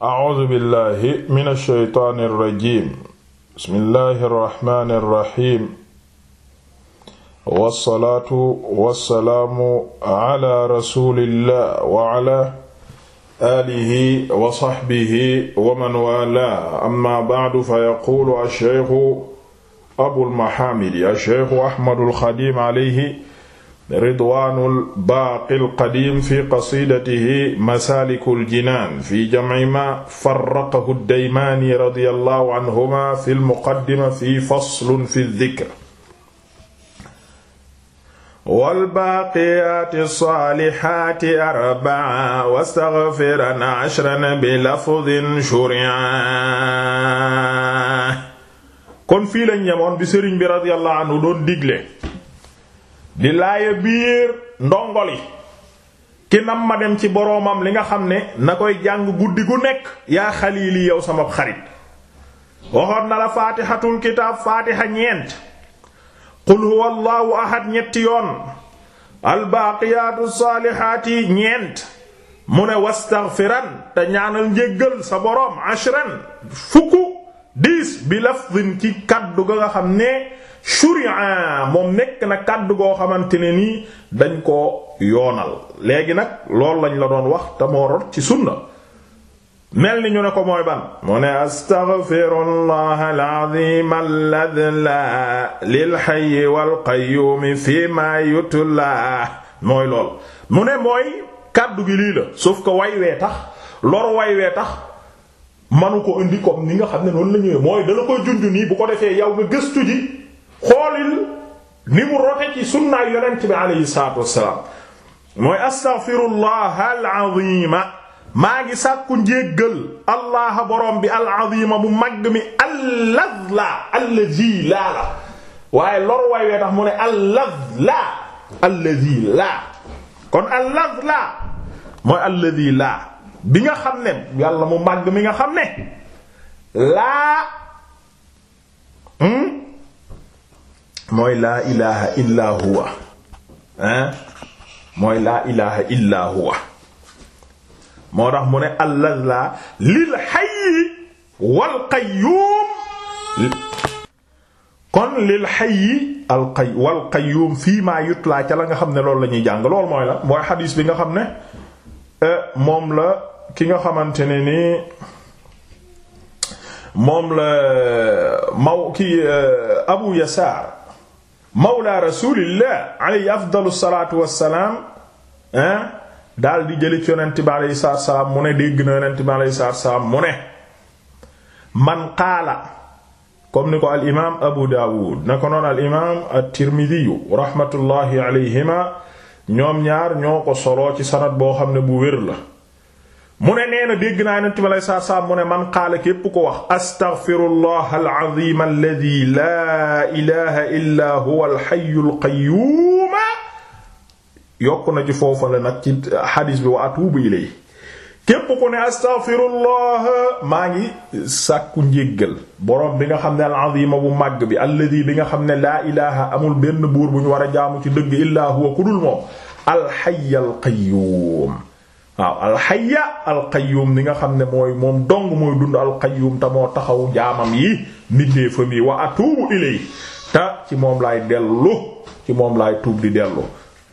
A'uuzu billahi mina shaytaani rajiim bismillahi rahmaani rahiim wassalaatu wassalaamu ala rasulillah wa ala aalihi wa sahbihi wa man waalaahu amma ba'du fa yaquulu ash-shaykhu Abul Mahaamidi ash-shaykhu Ahmadul Xadiim alayhi ridwaanul baaqil qadiim fi qasiidatihi masaalikul jinaan fi jamci maa farraqahu daymaani radiyallahu anhumaa fil muqaddima fi faslun fi dikr. wal baaqiyaati saalihaati arbaa wastaghfiran ashran bi lafdin shuri'a. kon fii lañ ñemoon bi sëriñ bi radiyallahu anhu doon digle. di laaya biir ndongoli ki nam dem ci boroomam li nga xam ne na koy jàng guddi gu nekk yaa xaliili yow sama xarit waxoon na la faatixatul kitaab faatixa ñeent qul huwa allahu ahad ñetti yoon albaaqiyaatu saalihaati ñeent mu ne wastaghfiran te ñaanal njégal sa boroom ashran fukku diis bi lafdin ci kaddu ga nga xam ne shuri'a moom nekk na kàddu goo xamante ne nii dañ ko yoonal léegi nag loolu lañ la doon wax te moo rot ci sunna mel ni ñu ne ko mooy ban mu ne astaghfirullah al-azim alladla lil hayy wal qayyum fi ma yutla mooy lool mu ne mooy kàddu gi lii la suuf ko way wee tax lor way wee tax manu ko indi comme ni nga xam ne noonu la ñëwee mooy dala koy junj nii bu ko defee yow nga gëstu ji xoolil ni mu rote ci sunnaay yonent bi aleyhi salaatu wassalaam mooy astaghfirullah al-azima maa ngi sàkku njéggal allah borom bi al-azima bu mag mi allaz la laa la waaye lor waay wee tax laa mooy allazi laa bi nga xam ne yàlla mu mag mi nga xam ne laa hmm? mooy laa ilaha illa huwa illa huwa moo tax mu ne allal laa lil hayyi wal qayyum kon lil hayyi al qayy wal qayyum fii maa yutlaa ca la nga xam ne loolu la ñuy jàng loolu mooy la mooy xadiis bi nga xam ne eh, moom la ki nga xamante ne nii moom la maw ki eh, Abu Yasaar mawla rasulillah alayhi afdalu salaatu wassalaam daal di jëli ci yonent bi alayhi salaatu wassalaam mu ne dégg na yonent bi mu ne man qaala comme ni ko al Abu Daawud na ko noon al imaam at-Tirmidhi ñoom ñaar ñoo ko solo ci sanad boo xam ne bu wér la mu ne nee na dégg naa yonent bi aleyhi salaatu salaam mu ne man qaala képp ko wax astaghfirullah al-azim alladhi laa ilaha illa huwa al-hayyul qayyum yokk na ci foofa la nag ci xadis bi wa atuubu ilayhi képp ku ne astaghfirullah maa ngi sàkku njéggal boroom bi nga xam ne al-azima bu màgg bi alladi bi nga xam ne laa ilaha amul benn buur bu ñu war a jaamu ci dëgg illaa huwa ku dul moom al-hayy al-qayyum waaw alxaya alqayyum ni nga xam ne mooy moom dong mooy dund alqayyum te moo taxaw jaamam yi mbindeefam yi wa atuubu ilay te ci moom laay dellu ci moom laay tuub di dellu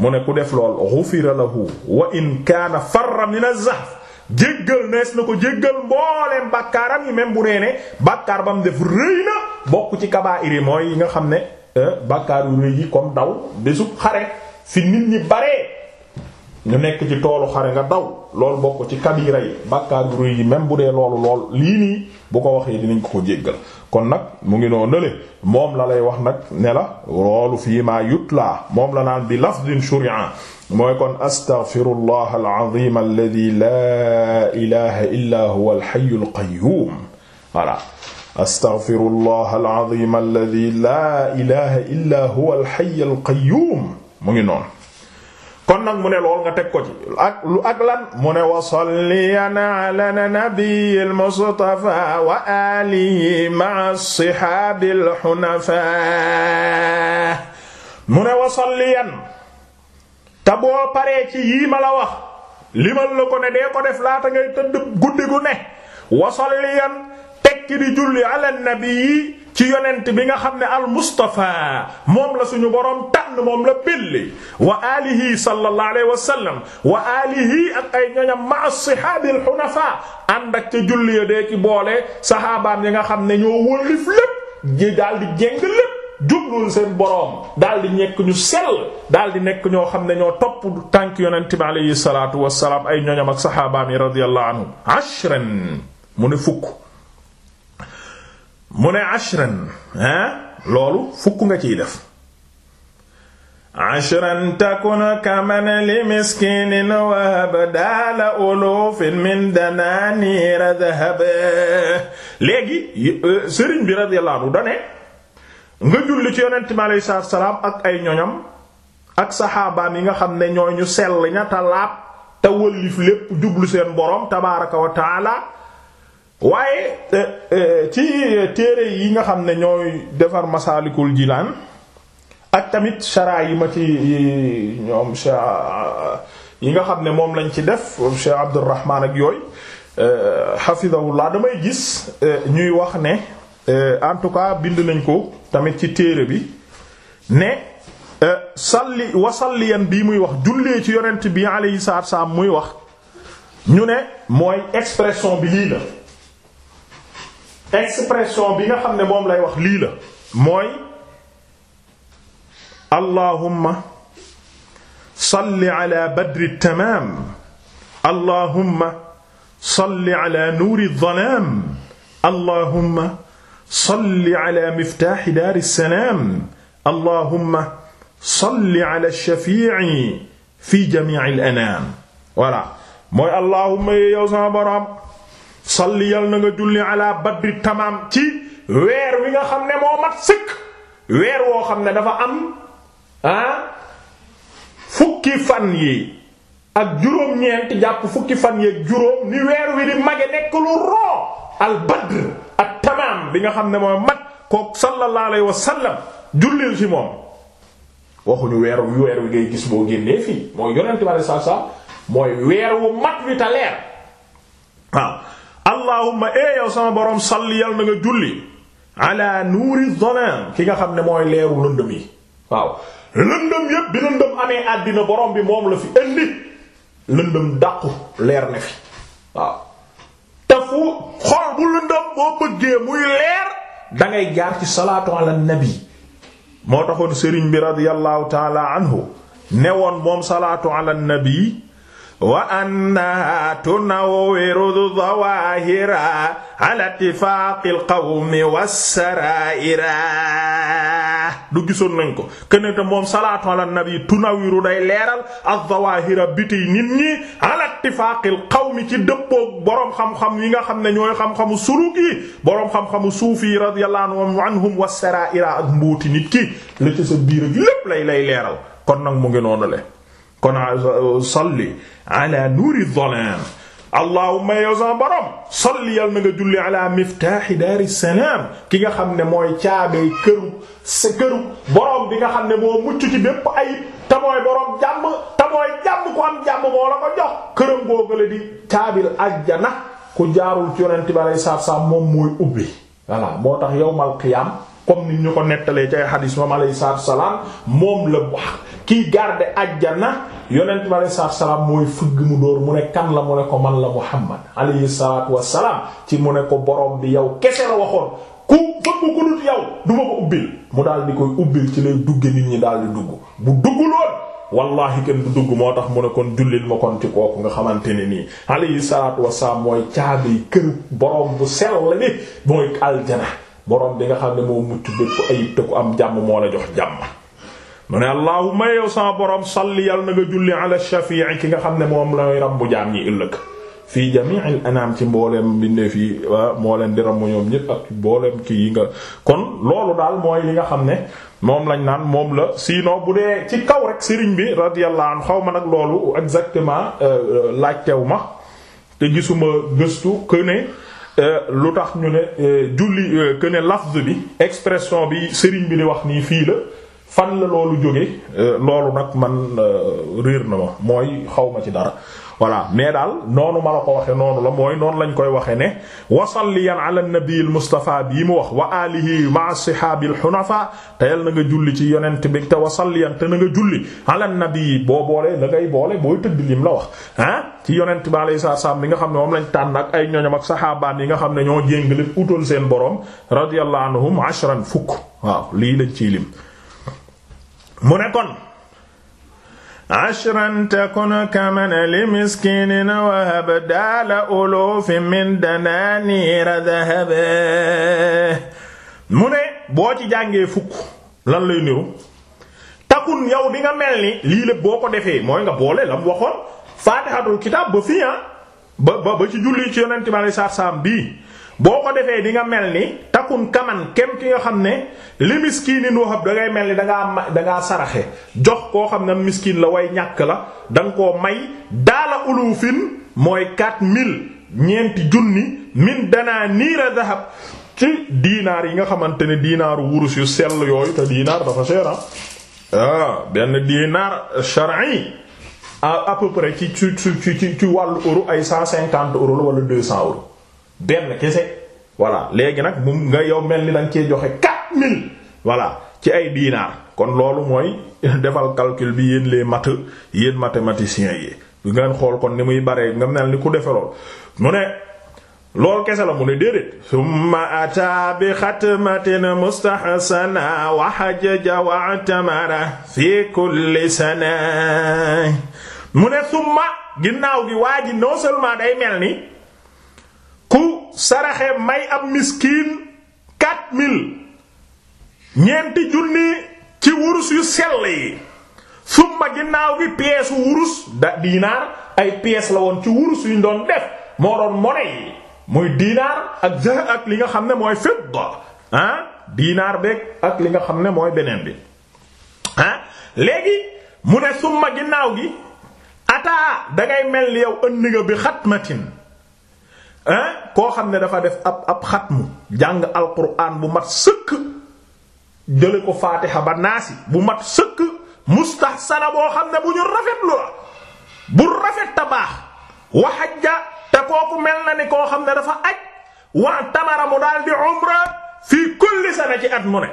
mu ne ku def lool xufira lahu wa in kaana farra min az jéggal nees na ko jéggal mbooleem bàkkaaram yi même bu nee ne bàkkaar ba mu def rëy na bokk ci kabaa'ir mooy yi nga xam ne eh, bàkkaar yu rëy yi comme daw desub xare fi nit ñi bare ñu nekk ci toolu xare nga daw loolu bokk ci kabira yi bàkkaar gu rëy yi même bu dee loolu lool lii nii bu ko waxee dinañ ko ko jéggal kon nag mu ngi noo nële moom la lay wax nag ne la loolu fii maa yutlaa moom la naan bi lafdin shuri'a mooy kon astaghfirullah al-azim alladhi la ilaha illa huwa al-hayyul qayyum voilà astaghfirullah al-azim alladhi la ilaha illa huwa al-hayyul qayyum mu ngi noonu kon nag mu ne lool nga teg ko ci ak lu ak mu ne wasalliyan ala nabiyil mustafa wa alihi ma'a sihaabil hunafa mu ne wasalliyan te boo paree yii ma la wax limal la ko ne dee ko laata ngay tëdd guddi gu ne wasalliyan tekki di julli ala nabi ci yonent bi nga xam ne al Mustafa moom la suñu boroom tànn moom la belli wa alihi sallallahu alayhi wa sallam wa alihi ak ay ñoñam ma as-sihaabi al ak ca julli ya dee ci boole saxaabaam yi nga xam ne ñoo wëlif lépp ji daal lépp jublul seen boroom daal di nekk ñu sell daal di nekk ñoo xam ne ñoo topp tànk yonent bi alayhi salaatu wa salaam ay ñoñam ak saxaabaam yi radiyallahu anhu ashran mu ne fukk mu ne ashran loolu fukk nga ciy def ashran takun kaman li miskinin wahab daala ulufin min dananir dhahab léegi euh, sëriñ bi radiyallahu anhu dane nga julli ci yonent mi alayhi salaam ak ay ñoñam ak saxaabaam yi nga xam ne ñooy ñu sell ña ta laab te wëllif lépp jublu seen boroom tabaaraka wa taala waaye euh, euh, ci euh, téere yi nga xam ne ñooy defar masaalikul jilaan ak tamit sharaa yi ma ci ñoom yi nga xam ne moom lañ ci def Cheikh Abdourahman ak yooyu hafizahullah damay gis ñuy wax ne en tout cas bind nañ ko tamit ci téere bi ne salli wasalliyan bii muy wax jullee ci yonent bi alayhi salaatu salaam muy wax ñu ne mooy expression bi lii la expression bi nga xam ne moom lay wax lii la mooy allahumma salli ala badri tamaam allahumma salli ala nuuri dhalaam allahumma salli ala miftaaxi daari salaam allahumma salli ala shafiici fi jamiici al anaam voilà mooy allahumma yow sama boroom salli yal na nga julli ala badri tamaam ci weer wi nga xam ne moo mat sëkk weer woo xam ne dafa am ah, fukki fan yi ak juróom-ñeent jàpp fukki fan yi ak juróom ni weer wi di mage nekk lu roo al badr ak tamaam bi nga xam ne moo mat kook sallallahu alayhi wasallam jullil ci moom waxuñu weer weer wi ngay gis boo génnee fii mooy yonent bi sallallahu alayhi mooy weer wu mat wi ta waaw allahumma ee eh, sama borom salli yal na nga julli ala nuuri zalaam ki nga xam ne mooy leeru lëndëm yi waaw lëndëm yépp bi lëndëm amee àddina borom bi moom la fi indi lëndëm dàqu leer ne fi waaw te fu xol bu lëndëm boo bëggee muy leer dangay jaar ci salaatu ala nabi moo taxoon sëriñ bi radiyallahu taala anhu ne woon moom salaatu ala nabi wa annaha tunawwiru zawahira ala ittifaaqil qawmi wassaraira du gisoon nañ ko kenn te moom salaatu ala nabi tunawwiru day leeral az-zawahira biti nit ñi ala ittifaaqil qawmi ci dëppoog boroom xam-xam yi nga xam ne ñooy xam-xamu suluk yi boroom xam-xamu suufi radiyallahu anhum wassaraira ak mbooti nit ki la ci sa biir ak lépp lay lay leeral kon nag mu ngi noonu le kon uh, salli ala nuuri dhalaam allahumma yow sama na nga julli ala miftaaxi daari salaam ki nga xam ne mooy caabee kër sa këru borom bi nga xam ne moo mucc ci bépp ayib te mooy borom jàmm te mooy jàmm moo la ko jox këram googale di caabil ajjana ku jaarul ci bi alayhi salaatu salaam moom mooy ubbi voilà moo tax yawmal qiyaam comme ni ñu ko nettalee ci ay xadiis moom alayhi salaam moom la wax kiy garde ajjana yonent bi aleyhi salaatu salaam mooy fëgg mu dóor mu ne kan la mu ne ko man la Muhammad aleyhi salaatu wassalaam ci mu ne ko boroom bi yow kese la waxoon ku fëgg ku dut yow du ko ubbil mu daal di koy ubbil ci lay dugge nit ñi daal di dugg bu duggul dugguloon wallahi kenn du dugg moo tax mu ne kon jullil ma kon ci kooku nga xamante ne nii aleyhi salaatu wassalaam mooy caabi kër borom bu sell la ni mooy aljana borom bi nga xam ne moo mucc bépp ayib am jàmm moo la jox jàmm mu ne allahumma yow sama borom salli yal na nga julli ala shafi'i ki nga xam ne moom la lay rambu jaam ñi ëllëg fii jami'il anam ci mbooleem bindeef yi moo leen di mu ñoom ñëpp ak mbooleem kii yi nga kon loolu daal mooy li nga xam ne moom lañ naan moom la sinon bu dee ci kaw rek sëriñ bi radiyallahu anhu xaw ma nag loolu exactement euh, laajtew ma te gisuma gëstu que euh, lu tax ñu ne euh, julli que ne lafz bi expression bi sëriñ bi di wax nii fii la fan la loolu jóge euh, loolu nag man euh, réer na ma mooy xaw ma ci dara voilà mais daal noonu ma la ko waxe noonu la mooy noonu lañ koy waxe ne wasalliyan ala nabi al mustafa bii mu wax wa alihi ma sihaabi al hunafa te yal na nga julli ci yonent bi te wasalliyan te na nga julli ala nabi boo boolee la ngay boole booy tëdd lim la wax ah ci yonent bi alayhi salaam bi nga xam ne moom lañ tànn ak ay ñoñom ak sahaabaan yi nga xam ne ñoo jéngale utal seen borom radiyallahu anhum ashran fukk waaw lii lañ ciy lim mu ne kon ashran takun kamana li miskinin wa hab daala ulufi min dananiira dahab mu ne boo ci jàngee fukk lan lay niru takun yow di nga mel ni lii lépp boo ko defee mooy nga boole la mu waxoon faatixatul kitaab ba fii ah, ba ba ba ci julli ci yonent bi alayhi bii boo ko defee di nga mel ni takun kaman kem ki nga xam ne li miskinin wahab da ngay mel ni da ngaa da ngaa saraxe jox koo xam ne miskin la way ñàkk la danga nga koo may daala ulufin mooy 4000 ñeenti junni min danaa niira dahab ci dinaar yi nga xamante ne diinaaru wurus yu sell yooyu te diinaar dafa cher ah, ah benn diinaar shar'i à à peu ci ci ci ci wàllu euro ay 150 euros la wala 200 euros benn kese. voilà léegi nag moom nga yow mel ni da nga cee joxe 4000 voilà ci ay diinaar kon loolu mooy defal calcul bi yéen les mat yéen mathématiciens yi bu ngeen xool kon ni muy baree nga mel ni ku defe lool mu ne loolu kese la mu ne déedéet summa ata bi xatmatin mustahsana wa hajja wa tamara fi kulli mu ne summa ginnaaw gi waa ji non seulement day mel ni ku saraxe may ab miskin quatre mille ñeenti junni ci wurus yu sell yi summa ginnaaw gi pièce wurus da diinaar ay pièces la woon ci wurus yu doon def moo doon monnaie yi muy diinaar ak zahab ak li nga xam ne mooy fidda ah diinaar beeg ak li nga xam ne mooy beneen bi ah léegi mu ne summa ginnaaw gi ataa dangay mel yow ëndi nga bi xatmatin koo xam ne dafa def ab ab xatmu jàng alquran bu mat sëkk jële ko faatiha ba naasi bu mat sëkk mustahsana boo xam ne bu ñu rafetlu la bu rafet ta baax wa hajja te kooku mel na ni koo xam ne dafa aj waa tamara mu daal di umra fii kulli sana ci at mu ne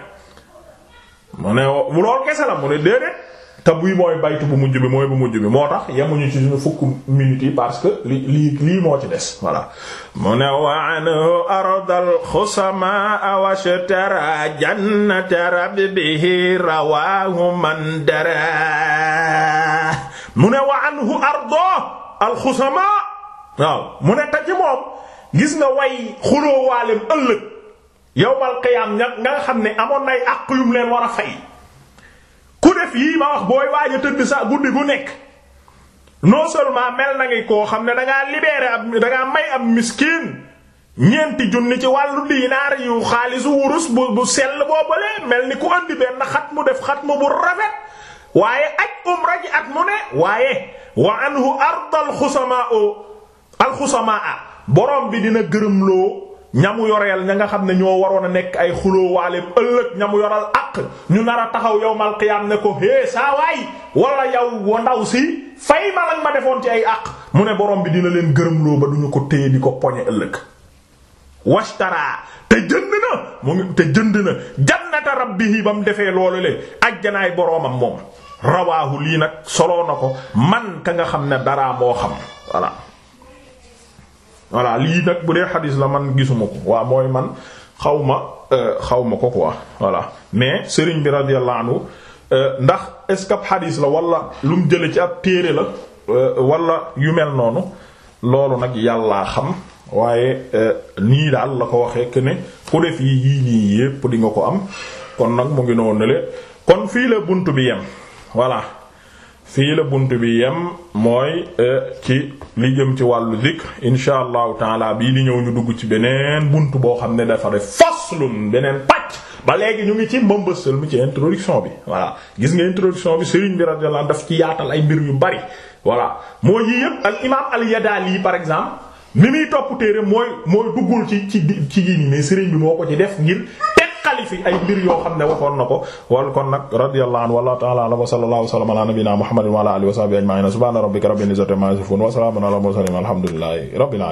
mu ne loolu kese la mu ne déedéet te buy mooy baytu bu mujj bi mooy bu mujj bi moo tax yemuñu ci suñu fukk minutes parce que li lii moo ci des voilà mu ne wa anhu ardal xusama ne wa anhu ardo alxusama waaw mu ne ta moom gis nga way xuloo waalem ëllëg yowmal qiyaam nga nga xam ne amoon nay àq yum leen war a fay def yii ma wax booy waaj tëdd sax guddi gu nekk non seulement mel na ngi koo xam ne dangaa libéré ab dangaa may ab miskin ñeenti junni ci wàllu diinaar yu xaalisu wurus bu bu sell boobalee mel ni ku andi benn xat mu def xat mu bu rafet waaye ak umra ji at mu ne waaye wa anhu ardal xusamaa o alxusamaa borom bi dina gërëmloo ñamu yoreel ña nga xam ne ñoo waroon a nekk ay xulóowaale ëllëg ñamu yoral àq ñu nar a taxaw yowmal qiyaam ne ko hé saa waay wala yow wa ndaw si fay ma lañ ma defoon ci ay àq mu ne borom bi dina leen gërëmloo ba duñu ko téye di ko poñe ëllëg washtaraa te jënd na mu ngi te jënd na jannata rabbihi ba mu defee loolu le ajjanaay boroomam moom rawaahu lii nag soloo na ko man ka nga xam ne dara moo xam voilà voilà lii nag bu dee xadis la man gisuma ko waa mooy man xaw ma euh, xaw ma ko quoi voilà mais sëriñ bi radiyallahu anhu euh, ndax est-ce que la walla lu mu jële ci ab téere la euh, walla yu mel noonu loolu nag yàllaa xam waaye nii daal la ko waxee que ne ku def yi yii nii yépp di nga ko am kon nag mu ngi noonu le kon fii la bunt bi yem voilà fii la bunt bi yem mooy e, ci li jëm ci wàllu zikr insha allahu taala bii li ñëw ñu dugg ci beneen bunt boo xam ne dafa def faslun beneen pàcc ba léegi ñu ngi ci mbëmbësal mu ci introduction bi voilà gis nga introduction bi Serigne bi radiyallahu daf ci yaatal ay mbir yu bari voilà mooy yii yépp al imam al Yadaali par exemple mi muy topp téere mooy mooy duggul ci ci ci yi nii mais bi moo ko ci def ngir fi ay mbir yoo xam ne waxoon na ko wal kon nag radiyallahu anhu wallahu ta'ala wa sallallahu sallam ala nabiyyina muhammadin wa ala alihi wa sahbihi ajma'in subhana rabbika rabbil izzati amma yasifun wa salamun ala mursalin alhamdulillahi rabbil alamin